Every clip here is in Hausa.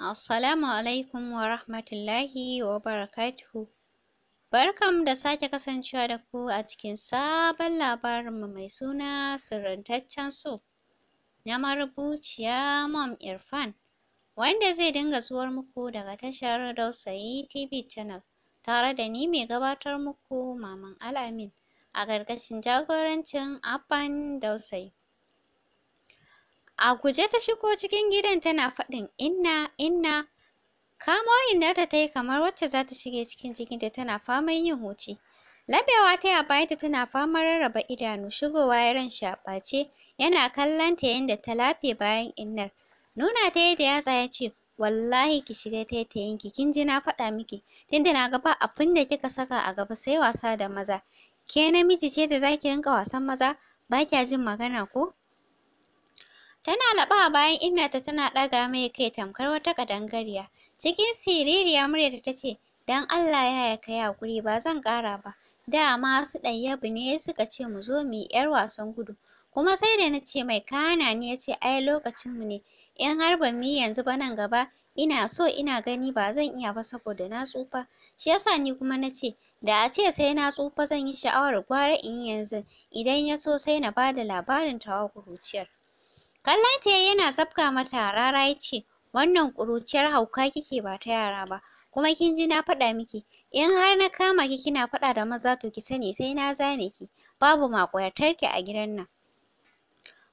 Assalamu alaikum wa rahmatullahi wa barakatuhu. Barkam da sake kasancewa da ku a cikin sabon labarinmu mai suna sirrantaccen so na marubuciya Mom Irfan wanda zai dinga zuwar muku daga tashar Dausayi TV channel tare da ni mai gabatar muku Maman Al'amin a gargashin jagorancin Abban Dausayi. A guje ta shigo cikin gidan tana faɗin inna inna. Kamo innarta ta yi kamar wacce za ta shige cikin jikinta tana faman yin huci. Labewa ta yi bayanta tana faman rarraba idanu shigowa ya ran a ɓace yana kallon ta yadda ta lafe bayan innar. Nuna ta yadda yatsa ya ce wallahi ki shiga taitayin ki kin ji na faɗa miki tunda na ga ba abin da kika saka a gaba sai wasa da maza ke namiji ce da zaki rinka wasan maza ba kya jin magana ko Tana laɓa a bayan Innata tana ɗaga mai kai tamkar wata ƙadangariya. Cikin siririya muryarta ta ce, Don Allah ya ka yi haƙuri ba zan ƙara ba. Dama su ɗayyabu ne suka ce mu zo mu yi 'yar wasan gudu. Kuma sai da na ce mai kana ne ya ce ai lokacinmu ne. In har ban mu yanzu ba nan gaba ina so ina gani ba zan iya ba saboda na tsufa. Shi yasa ni kuma na ce da a ce sai na tsufa zan yi sha'awar gwara in yanzu. Idan ya so sai na ba da labarin tawa kuruciyar. Kallon ta yana zabka mata rara ya Wannan ƙuruciyar hauka kike ba ta yara ba, kuma kin ji na faɗa miki, in har na kama ki kina faɗa da maza to ki sani sai na zane ki, babu ki a gidan nan.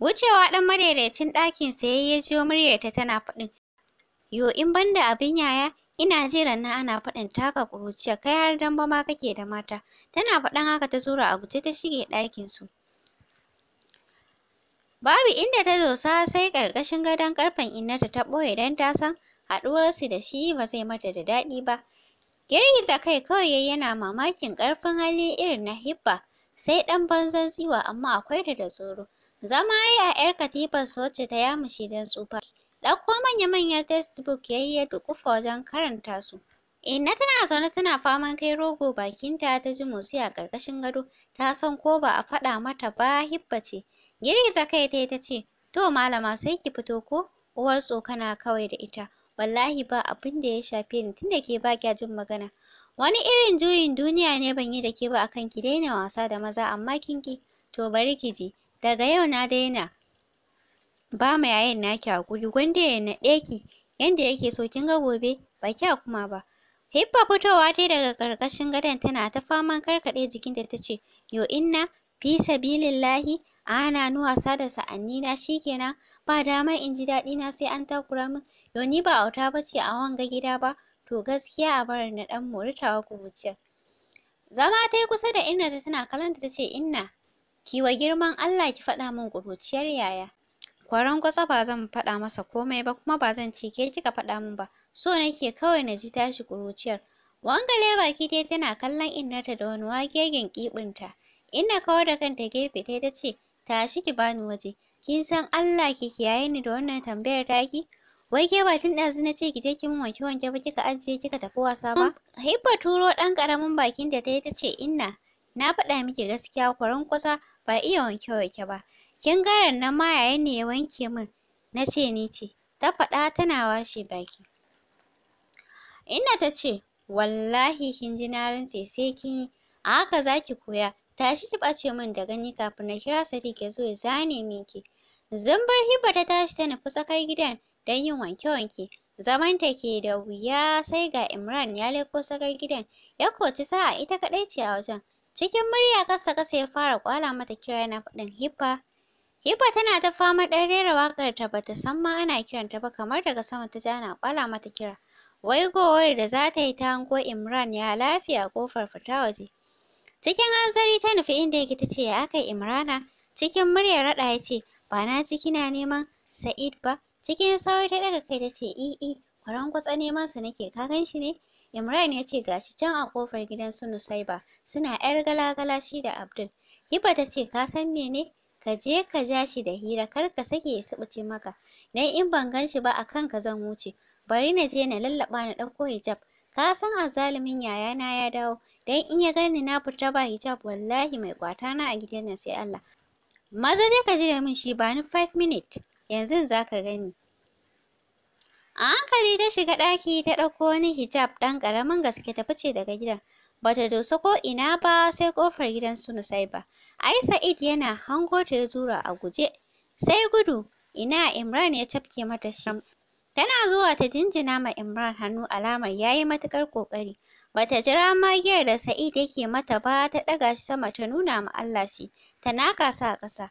Wucewa ɗan madaidaicin ɗakin sai ya jiyo muryarta tana faɗin, Yo in banda abin yaya, ina jiran na ana faɗin taka ƙuruciya kai har damba ma kake da mata. Tana faɗin haka ta zura a guje ta shige ɗakinsu. Babu inda ta dosa sai ƙarƙashin gadon ƙarfen inna ta ɓoye don ta san haɗuwarsu da shi ba zai mata da daɗi ba. Girgiza kai kawai yana mamakin ƙarfin hali irin na hibba, sai ɗan banzan tsiwa amma akwai da da tsoro. Zama ya yi a 'yar su wacce ta yamushe don tsufa. Ɗauko manya-manyan textbook ya yi ya duƙufa wajen karanta su. Inna tana zaune tana faman kai rogo bakinta ta ji motsi a ƙarƙashin gado, ta san ko ba a faɗa mata ba hibba ce. Girgiza kai ta ta ce, To malama sai ki fito ko? Uwar tsokana kawai da ita. Wallahi ba abin da ya shafe ni tunda ke ba kya jin magana. Wani irin juyin duniya ne ban yi da ke ba akan ki daina wasa da maza amma kin ki. To bari ki ji. Daga yau na daina. Ba ma yayin naki hakuri gwanda ya naɗe ki yanda yake so kin ga gobe ba kya kuma ba. Hippa fitowa ta daga ƙarƙashin gadon tana ta faman karkaɗe jikinta ta ce, Yo inna, fi sabilillahi a hana ni wasa da sa'anni na shikenan ba dama in ji daɗi na sai an takura min yau ni ba auta bace a wanga gida ba to gaskiya a bar na dan mori tawa kuruciyar zama ta yi kusa da inna ta tana kalanta ta ce inna ki wa girman Allah ki faɗa min kuruciyar yaya kwaron kwatsa ba zan faɗa masa komai ba kuma ba zan ce ke kika faɗa min ba so nake kawai na ji tashi kuruciyar wangale baki dai tana kallon innarta da wani wagegen ta. na kawar da kanta gefe ta ta ce, tashi ki bani waje. Kin san Allah ki kiyaye ni da wannan tambayar taki? Wai ke ba tun ɗazu na ce ki je ki min wanke-wanke ba kika ajiye kika tafi wasa ba? Hibba turo ɗan ƙaramin bakin da ta yi ta ce, Inna, na faɗa miki gaskiya kusa ba iya wanke-wanke ba. Kin ga rannan ma yayin ne ya wanke min. Na ce ni ce. Ta faɗa tana washe baki. Inna ta ce, wallahi kin ji na rantse sai kin yi. A haka za ki koya, tashi ki ɓace min da gani kafin na kira Sadiq ya zo ya zane min ki. bar Hibba ta tashi ta nufi tsakar gidan don yin wanke-wanke. Zaman ta ke da wuya sai ga Imran ya leko tsakar gidan ya koci sa'a ita kaɗai ce a wajen. Cikin murya kasa-kasa ya fara kwala mata kira na faɗin Hibba. Hibba tana ta fama ɗan rera waƙar ta bata san ma ana kiranta ba kamar daga sama ta ji ana kwala mata kira. Wai gowar da za ta yi ta hango Imran ya lafiya ƙofar fita waje. Cikin hanzari ta nufi inda yake ta ce ya aka Imrana. Cikin muryar raɗa ya ce ba na ji kina neman Sa'id ba. Cikin sauri ta ɗaga kai ta ce i'i kwarangwatsa neman su nake ka gan shi ne. Imran ya ce gashi can a kofar gidan su Nusaiba suna ‘yar gala-gala shi da Abdul. Hiba ta ce ka san mene? Ka je ka ja shi da hira kar ka sake ya buce maka. Dan in ban gan shi ba akan ka zan wuce. Bari na je na lallaɓa na ɗauko hijab. Ka san azzalumin yayana ya dawo, dan in ya gani na fita ba hijab wallahi mai kwata na a gidan nan sai Allah. Maza je ka jira min shi ba ni 5 minute, yanzu za ka gani. A hankali ta shiga ɗaki ta ɗauko wani hijab dan karamin gaske ta fice daga gidan. Bata dosa ko ina ba sai ƙofar gidan su ba. Ai Sa'id yana hango ta ya zura a guje. Sai gudu, ina Imran ya tafke mata shan Tana zuwa ta jinjina ma Imran hannu alamar yayi yi matuƙar ƙoƙari. Bata jira magiyar da Sa'id yake mata ba ta ɗaga shi sama ta nuna ma Allah shi, ta naka sa a ƙasa.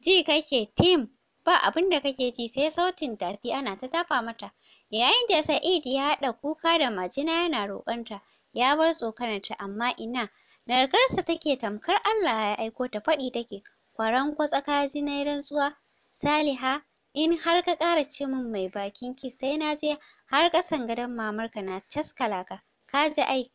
Ji kake tim, ba abinda kake ji sai sautin tafi ana ta tafa mata. Yayin da Sa'id ya haɗa kuka da majina yana roƙonta, ya bar tsokanarta amma ina, narkarsa take tamkar Allah ya aiko ta faɗi take, kwaran tsaka ji na rantsuwa, Saliha in har ka ƙara ce min mai bakin ki sai na je har ƙasan gadon mamarka na caskala ka ka ji ai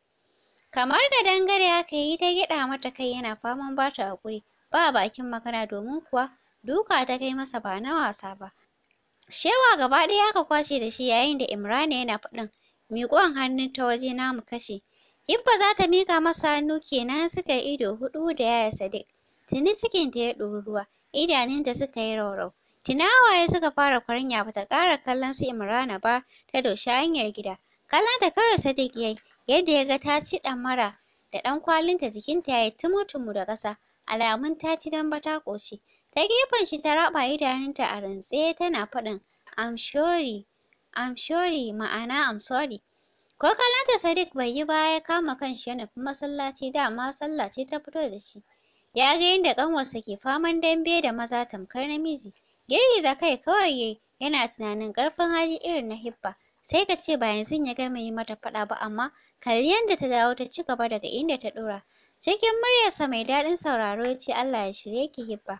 kamar da dangare aka yi ta gyaɗa mata kai yana faman ba ta haƙuri ba bakin magana domin kuwa duka ta kai masa ba na wasa ba shewa gaba ɗaya aka kwashe da shi yayin da imrana yana faɗin miƙon hannun ta waje na mu kashe Hibba za ta miƙa masa hannu kenan suka ido hudu da yaya Sadiq. Tuni ta ya ɗori ruwa, idanunta suka yi raurau. Tina waye suka fara kwaranya bata ƙara kallon su Imrana ba ta doshi hanyar gida. Kallon ta kawai Sadiq yayi yadda ya ga ta ci ɗamara da ɗan kwalinta jikinta yayi tumu-tumu da ƙasa alamun ta ci ba ta ƙoshi. Ta gefen shi ta raɓa idanunta a rantse tana faɗin I'm sorry I'm sorry ma'ana I'm sorry. Ko ta Sadiq bai yi baya ya kama kanshi yana fi masallaci dama sallah ce ta fito da shi. Ya ga yadda ƙanwarsa ke faman dambe da maza tamkar namiji. Girgiza kai kawai yayi yana tunanin ƙarfin hali irin na Hibba. Sai ka ce ba yanzu ya gama yi mata faɗa ba amma kalli yadda ta dawo ta ci gaba daga inda ta ɗora. Cikin muryarsa mai daɗin sauraro ya ce Allah ya shirye ki Hibba.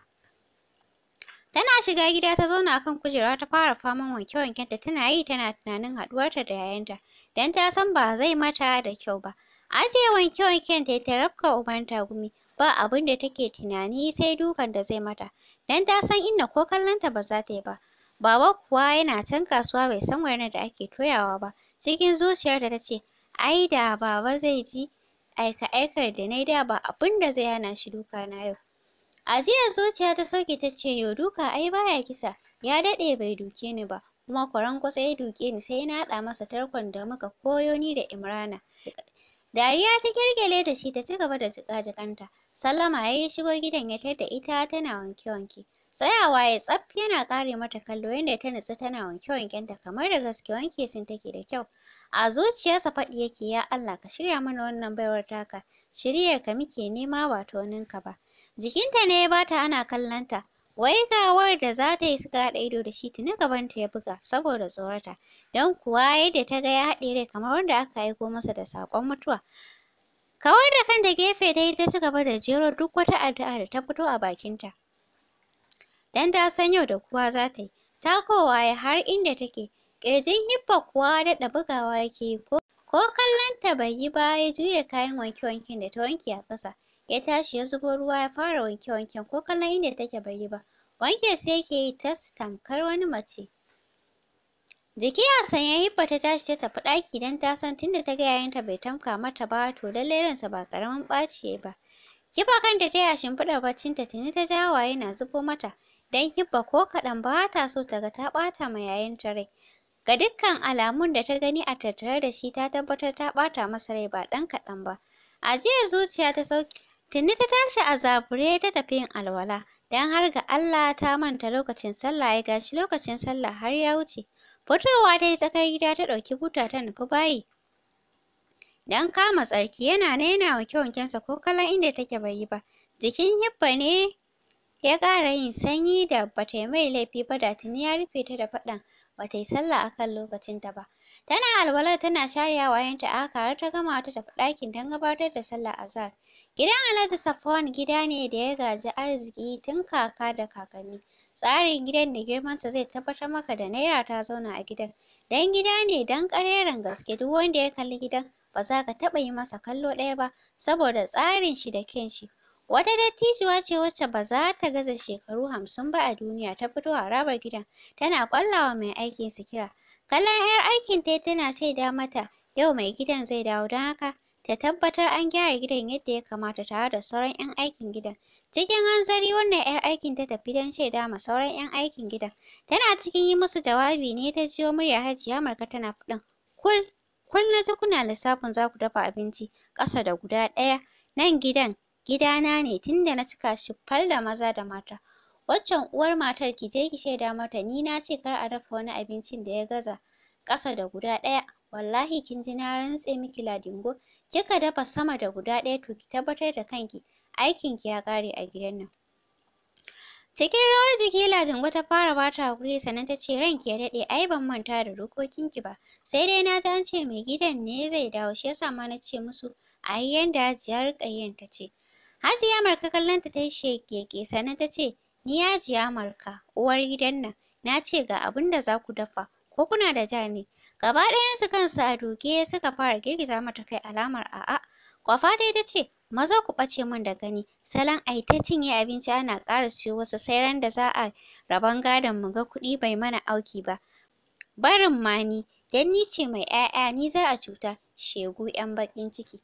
Tana shiga gida ta zauna kan kujera ta fara faman wanke ta. tana yi tana tunanin haɗuwarta da yayanta don ta san ba zai mata da kyau ba. Ajiye wanke-wanken ta yi ta rabka ubanta gumi. ba abin da take tunani sai dukan da zai mata dan ta san inna ko kallonta ba za ta yi ba baba kuwa yana can kasuwa bai san wani da ake toyawa ba cikin zuciyar da tace ai da baba zai ji aika aikar da nayi da ba abin da zai hana shi duka na yau a jiya zuciya ta sauke tace yo duka ai baya kisa ya dade bai duke ni ba kuma kwaran kwatsa ya duke ni sai na haɗa masa tarkon da muka koyo ni da Imrana Dariya ta kirkile da shi ta ci gaba da jiƙa jikanta. Sallama ya yi shigo gidan ya tada ita tana wanke-wanke. Tsayawa ya tsaf yana ƙare mata kallo yadda ta nutsu tana wanke-wankenta kamar da gaske wanke sun take da kyau. A zuciyarsa faɗi yake ya Allah ka shirya mana wannan baiwar taka. ka muke nema ba tauninka ba. Jikinta ne ya bata ana kallon ta Wai gawar da za ta yi suka haɗa ido da shi tuni gabanta ya buga saboda tsorata. Don kuwa yadda ta ga ya haɗe rai kamar wanda aka aiko masa da saƙon mutuwa. Kawar da kanta gefe ta yi ta ci gaba da jero duk wata addu'a da ta fito a bakinta. Don ta san yau da kuwa za ta yi. kowa ya har inda take. Ƙirjin hibba kuwa daɗa bugawa yake yi ko kallon ta bai yi ba ya juya kayan wanke-wanken da ta wanke a ƙasa. ya tashi ya zubo ruwa ya fara wanke-wanken ko kallon inda take bai yi ba wanke sai yake yi ta tamkar wani mace jiki a sanya hibba ta tashi ta tafi ɗaki don ta san tunda ta ga yayanta bai tamka mata ba to lallai ransa ba ƙaramin ɓaci yi ba kiba da ta yi a shimfiɗa baccin ta tuni ta ja yana zubo mata don hibba ko kaɗan ba ta so ta ga ta ɓata ma yayanta rai Ga dukkan alamun da ta gani a tattare da shi ta tabbatar ta ɓata masa rai ba ɗan kaɗan ba. A jiya zuciya ta sauke Tuni ta tashi a zabure ta tafi yin alwala, don har ga Allah ta manta lokacin sallah ya gashi lokacin sallah har ya wuce. Fitowa ta yi tsakar gida ta ɗauki buta ta nufi bayi. Don kama tsarki yana na yana wanke-wankensa ko kalan inda take bai yi ba. Jikin hibba ne ya ƙara yin sanyi da ba ta yi mai laifi ba da tuni ya rufe ta da faɗan ba ta yi sallah a kan lokacinta ba. Tana alwala tana share 'yanta a haka har ta gama ta tafi ɗakin don gabatar da sallah a zar. Gidan Alhaji Safwan gida ne da ya gaji arziki tun kaka da kakanni. Tsarin gidan da girmansa zai tabbatar maka da naira ta zauna a gidan. Dan gida ne dan ƙareren gaske duk wanda ya kalli gidan ba za ka taɓa yi masa kallo ɗaya ba saboda tsarin shi da kyan shi. Wata dattijuwa ce wacce ba za ta gaza shekaru hamsin ba a duniya ta fito harabar gidan tana kwallawa mai aikinsa kira. Kallon 'yar aikin tai tana shaida mata yau mai gidan zai dawo don haka ta tabbatar an gyara gidan yadda ya kamata tare da sauran 'yan aikin gidan. Cikin hanzari wannan 'yar aikin ta tafi don shaida ma sauran 'yan aikin gidan. Tana cikin yi musu jawabi ne ta jiyo murya Hajiya Marka tana faɗin kul kul na ji kuna lissafin za ku dafa abinci ƙasa da guda ɗaya nan gidan gidana ne tunda na cika shi fal da maza da mata waccan uwar matar ki je ki shaida mata ni na ce kar a dafa wani abincin da ya gaza ƙasa da guda ɗaya wallahi kin ji na rantse miki ladingo kika dafa sama da guda ɗaya to ki tabbatar da kanki aikin ki ya kare a gidan nan cikin rawar jiki ladingo ta fara bata hakuri sannan ta ce ranki ya daɗe ai ban manta da dokokin ki ba sai dai na ji an ce mai gidan ne zai dawo shi yasa ma na ce musu a yi yanda hajiyar ƙayyen ta ce Hajiya Marka kallonta ta yi shekeke sannan ta ce, Ni Hajiya Marka, uwar gidan nan, na ce ga abin da za ku dafa, ko kuna da ja ne? Gaba ɗayansu kansu a doke suka fara girgiza mata kai alamar a'a. Kwafa dai ta ce, Maza ku ɓace min da gani, salon ai ta cinye abinci ana ƙara siyo wasu sai ran da za a rabon gadon mu ga kuɗi bai mana auki ba. Barin ma ni, don ni ce mai 'ya'ya ni za a cuta, shegu 'yan baƙin ciki.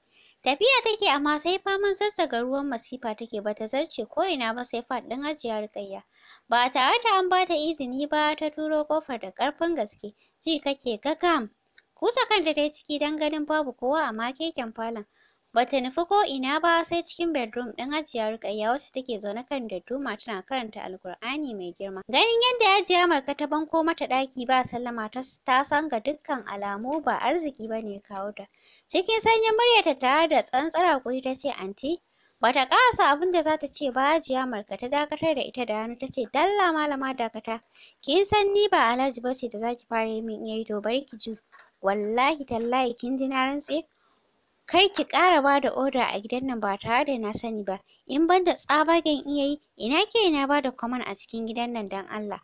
Tafiya take amma sai faman zazzaga ruwan masifa take bata zarce ko ina ba sai faɗin ajiyar kayya. Ba tare da an bata izini ba ta turo kofar da ƙarfin gaske. Ji kake gagam. Kusa kanta dai ciki don ganin babu kowa amma keken falon. Bata nufi ko ina ba sai cikin bedroom din Hajiya Rukayya wacce take zaune kan duma tana karanta Alkur'ani mai girma. Ganin yadda Hajiya Marka ta banko mata ɗaki ba sallama ta san ga dukkan alamu ba arziki bane kawo ta. Cikin sanyin ta tare da tsantsara kuri ta ce anti bata karasa abin da zata ce ba hajiya marka ta dakatar da ita da hannu tace dalla malama dakata kin san ni ba alhaji ba ce da zaki fara yi min yayi to bari ki ji wallahi tallahi kin ji na rantse kar ki ƙara bada oda a gidan nan ba tare da na sani ba in banda tsabagen iya yi ina ke na bada command a cikin gidan nan dan Allah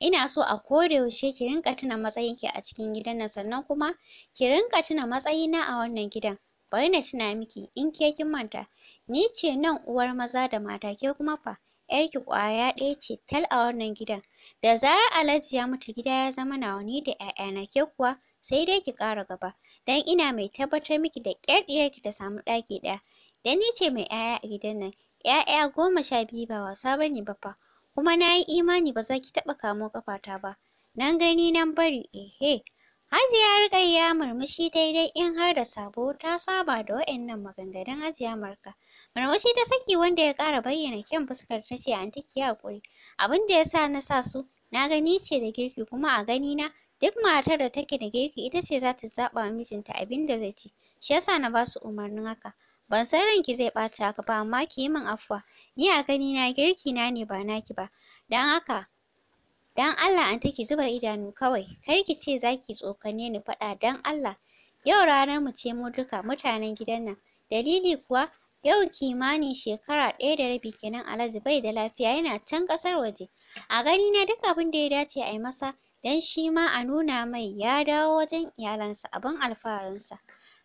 ina so a yaushe ki rinka tuna matsayinki a cikin gidan nan sannan kuma ki rinka tuna matsayi na a wannan gidan bari na tuna miki in ke kin manta ni ce nan uwar maza da mata ke kuma fa ki ƙwaya ɗaya ce tal a wannan gidan da zarar Alhaji ya mutu gida ya zama nawa ni da ƴaƴana ke kuwa sai dai ki ƙara gaba Dan ina mai tabbatar miki da ƙyar ɗiyarki ta samu ɗaki ɗaya. Dan ni ce mai ‘ya'ya a gidan nan. ‘Ya'ya goma sha biyu ba wasa ba ne ba fa. Kuma na yi imani ba za ki taɓa kamo ta ba. Nan gani nan bari ehe. Hajiya Rukayya murmushi daidai in har da sabo ta saba da waɗannan maganganun Hajiya Marka. Murmushi ta saki wanda ya ƙara bayyana kyan fuskar ta ce anti ki haƙuri. Abin da ya sa na sa su na gani ce da girki kuma a gani na Duk matar da take da girki ita ce za ta zaɓa wa mijinta abin da zai ci. Shi yasa na ba su umarnin haka. Ban san ranki zai ɓaci haka ba amma ki yi min afuwa. Ni a gani na girki na ne ba naki ba. Don haka don Allah ki zuba idanu kawai. Kar ki ce za ki tsokane ni faɗa don Allah. Yau ranar mu ce mu duka mutanen gidan nan. Dalili kuwa yau kimanin shekara ɗaya da rabi kenan Alhaji bai da lafiya yana can ƙasar waje. A gani na duk abin da ya dace a yi masa don shi ma a nuna mai ya dawo wajen iyalansa abin alfaharinsa.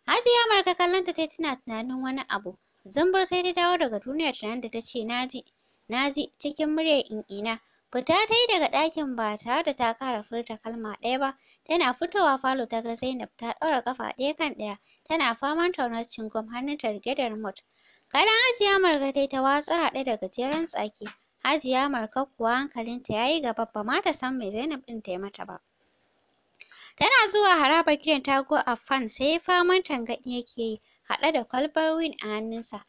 Hajiya Marka kallonta tai tana tunanin wani abu. Zumbur sai ta dawo daga duniyar tunanin da ta ce naji, naji cikin muryar ina. Fita ta yi daga ɗakin ba tare da ta ƙara furta kalma ɗaya ba, tana fitowa falo ta ga Zainab ta ɗaura ƙafa ɗaya kan ɗaya, tana faman taunar cingom hannunta riƙe da remote. Kalan Hajiya Marka tai ta watsar haɗe da gajeren tsaki. Hajiya Marka kuwa hankalinta ya yi gaba ba ma ta san me Zainab ɗin ta yi mata ba. Tana zuwa harabar gidan go a fan sai faman tangaɗi yake yi haɗe da kwalbar win a hannunsa.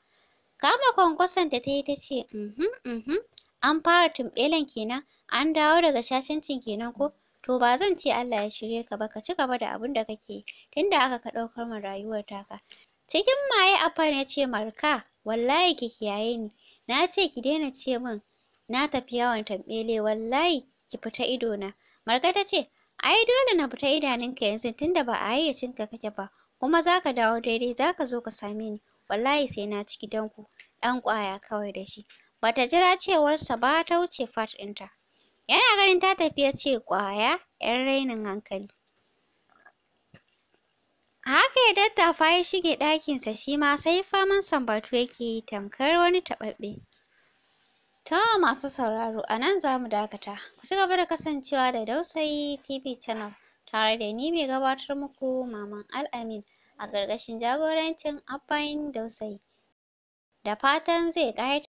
Kama kwankwason da ta yi ta ce, "Uhum, uhum, an fara tumɓelen kenan, an dawo daga cin kenan ko? To ba zan ce Allah ya shirye ka ba, ka ci gaba da abin da kake yi, tunda aka ka ɗaukar min rayuwar taka." Cikin maye a fan ya ce, "Marka, wallahi ki kiyaye ni, na ce ki daina ce min na tafi yawon tambele wallahi ki fita idona marka ta ce ai dole na fita idanunka yanzu tunda ba a ka kake ba kuma zaka dawo daidai zaka zo ka same ni wallahi sai na ci gidanku Dan kwaya kawai da shi bata jira cewar sa ba ta wuce fat ɗinta yana ganin ta tafi ya ce ƙwaya 'yan rainin hankali haka ya fa ya shige ɗakinsa shi ma sai faman sambatu yake yi tamkar wani taɓaɓe. Ta masu sauraro a nan za mu dakata. Ku ci gaba da kasancewa da Dausayi TV Channel tare da ni mai gabatar muku Maman Al'amin a gargashin jagorancin abayin Dausayi. Da fatan zai ƙayata.